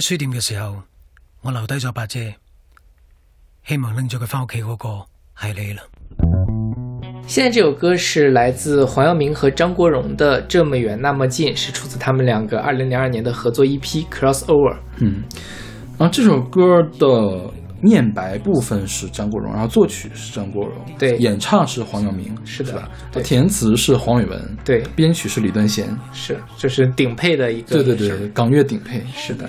書店嘅時候，我留低咗把遮，希望拎咗佢翻屋企嗰個係你啦。現在這首歌是來自黃耀明和張國榮的《這麼遠那麼近》，是出自他們兩個二零零二年的合作 EP Crossover。嗯、然、啊、後這首歌的念白部分是張國榮，然後作曲是張國榮，對，演唱是黃耀明，是的，是吧？填詞是黃偉文，對，編曲是李端嫻，是,就是頂配的一個，對對對，港樂頂配，是的。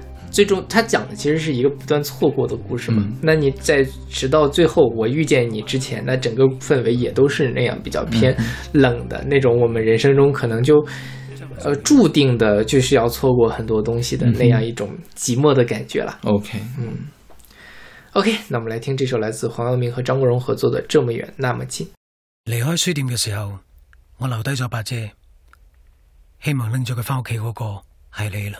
最終，他講的其實是一個不斷錯過的故事嘛、嗯。那你在直到最後我遇見你之前，那整個氛圍也都是那樣比較偏冷的那種。我們人生中可能就呃注定的就是要錯過很多東西的那樣一種寂寞的感覺了、嗯嗯。OK，嗯，OK，那我們來聽這首來自黃耀明和張國榮合作的《這麼遠那麼近》。離開書店嘅時候，我留低咗把遮，希望拎咗佢翻屋企嗰個係你啦。